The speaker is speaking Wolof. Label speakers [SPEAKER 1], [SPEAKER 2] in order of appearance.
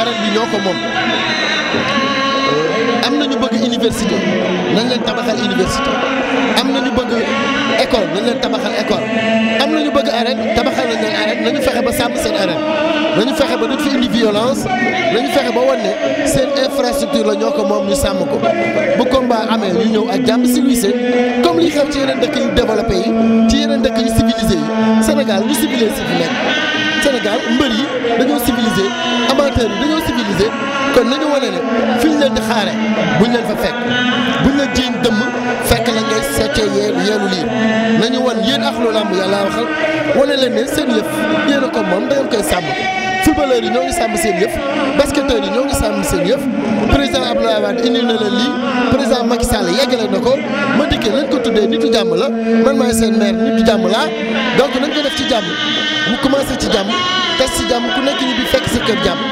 [SPEAKER 1] arène bi ñoo ko moom
[SPEAKER 2] euh,
[SPEAKER 1] am na ñu bëgg université nañ leen tabaxal université am na ñu bëgg école nañ leen tabaxal école am na ñu bëgg arène tabaxal nañ leen arène ñu fexe ba sàmm seen arène nañu fexe ba duñ fi indi violence nañu fexe ba wane ne seen infrastructure la ñoo ko moom ñu sàmm ko bu combat amee ñu ñëw ak jàmm civilisé comme li xew ci yeneen dëkk yu développé yi ci yeneen dëkk yu civilisé yi Sénégal ñu civilisé si fi nekk Sénégal mbër yi dañoo civilisé amateurs yi dañoo civilisé kon nañu wane ne fi ñu leen di xaare buñ leen fa fekk buñ la jiiñ dëmm fekk la ngay seetee yeelu yeelu lii nañu wan yéen axlu làmb yàlla waxal wane leen ne seen yëf yéen a ko moom da ngeen koy sàmm footballeurs yi ñoo ngi sàmm seen yëf basketteurs yi ñoo ngi sàmm seen yëf président Abdoulaye Wade indi na leen lii président Macky Sall yeggale na ko ma dikkee nañ ko tuddee nitu jàmm la man maay seen maire nitu jàmm laa donc nañ ko def ci jàmm mu commencé ci jàmm tas ci jàmm ku nekk ñi bi fekk sa kër jàmm